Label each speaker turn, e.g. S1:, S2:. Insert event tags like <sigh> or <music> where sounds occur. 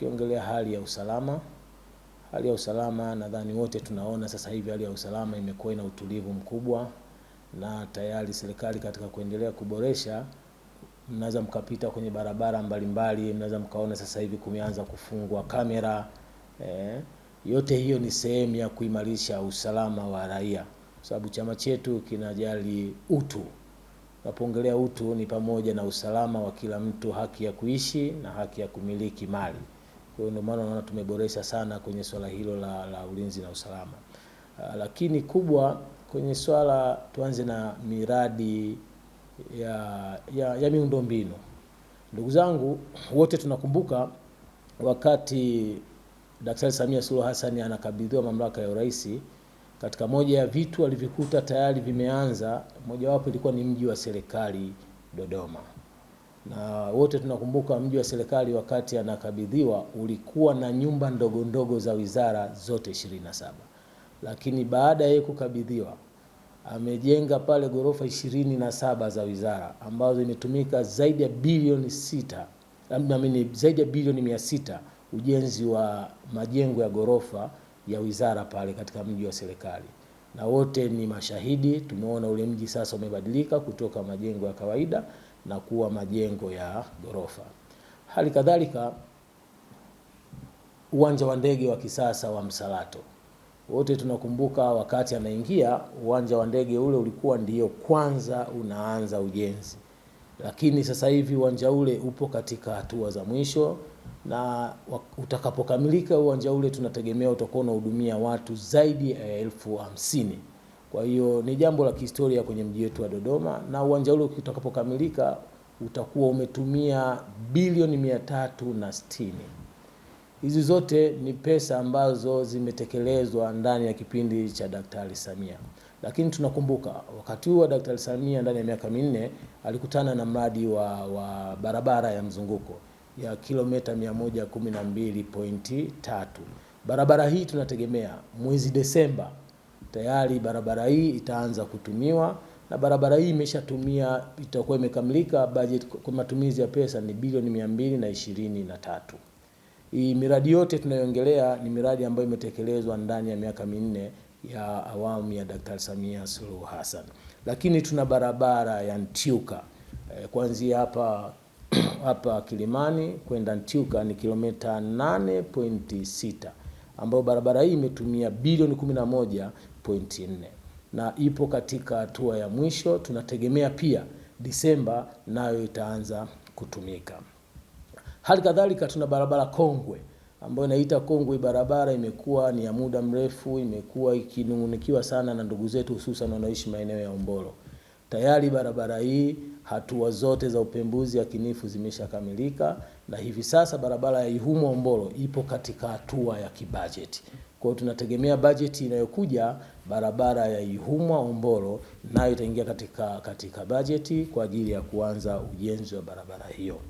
S1: Tukiongelea hali ya usalama, hali ya usalama nadhani wote tunaona sasa hivi hali ya usalama imekuwa ina utulivu mkubwa, na tayari serikali katika kuendelea kuboresha, mnaweza mkapita kwenye barabara mbalimbali, mnaweza mkaona sasa hivi kumeanza kufungwa kamera eh. Yote hiyo ni sehemu ya kuimarisha usalama wa raia, kwa sababu chama chetu kinajali utu. Napoongelea utu ni pamoja na usalama wa kila mtu, haki ya kuishi na haki ya kumiliki mali. Kwa hiyo ndio maana unaona tumeboresha sana kwenye swala hilo la, la ulinzi na usalama. Uh, lakini kubwa kwenye swala tuanze na miradi ya, ya, ya miundombinu. Ndugu zangu wote tunakumbuka wakati Daktari Samia Suluhu Hassan anakabidhiwa mamlaka ya urais, katika moja ya vitu alivikuta tayari vimeanza, mojawapo ilikuwa ni mji wa serikali Dodoma na wote tunakumbuka mji wa serikali wakati anakabidhiwa ulikuwa na nyumba ndogo ndogo za wizara zote 27, lakini baada ya yeye kukabidhiwa amejenga pale ghorofa 27 za wizara ambazo imetumika zaidi ya bilioni sita, amini zaidi ya bilioni mia sita ujenzi wa majengo ya ghorofa ya wizara pale katika mji wa serikali na wote ni mashahidi. Tumeona ule mji sasa umebadilika kutoka majengo ya kawaida na kuwa majengo ya ghorofa. Hali kadhalika uwanja wa ndege wa kisasa wa Msalato, wote tunakumbuka wakati anaingia uwanja wa ndege ule ulikuwa ndio kwanza unaanza ujenzi, lakini sasa hivi uwanja ule upo katika hatua za mwisho na utakapokamilika uwanja ule tunategemea utakuwa unahudumia watu zaidi ya elfu hamsini. Kwa hiyo ni jambo la kihistoria kwenye mji wetu wa Dodoma, na uwanja ule utakapokamilika utakuwa umetumia bilioni mia tatu na sitini. Hizi zote ni pesa ambazo zimetekelezwa ndani ya kipindi cha Daktari Samia, lakini tunakumbuka wakati huo Daktari Samia ndani ya miaka minne alikutana na mradi wa, wa barabara ya mzunguko ya kilomita 112.3. Barabara hii tunategemea mwezi Desemba tayari barabara hii itaanza kutumiwa na barabara hii imeshatumia itakuwa imekamilika budget kwa matumizi ya pesa ni bilioni mia mbili na ishirini na tatu. Hii miradi yote tunayoongelea ni miradi ambayo imetekelezwa ndani ya miaka minne ya awamu ya Daktari Samia Suluhu Hassan, lakini tuna barabara ya Ntiuka e, kuanzia hapa <clears throat> hapa Kilimani kwenda Ntiuka ni kilomita 8.6 ambayo barabara hii imetumia bilioni 11.4 na ipo katika hatua ya mwisho. Tunategemea pia Disemba nayo itaanza kutumika. Hali kadhalika tuna barabara kongwe ambayo inaita kongwe. Barabara imekuwa ni ya muda mrefu, imekuwa ikinungunikiwa sana na ndugu zetu hususan wanaoishi maeneo ya Hombolo. Tayari barabara hii hatua zote za upembuzi yakinifu zimeshakamilika na hivi sasa barabara ya Ihumwa Hombolo ipo katika hatua ya kibajeti. Kwa hiyo tunategemea bajeti inayokuja barabara ya Ihumwa Hombolo nayo itaingia katika, katika bajeti kwa ajili ya kuanza ujenzi wa barabara hiyo.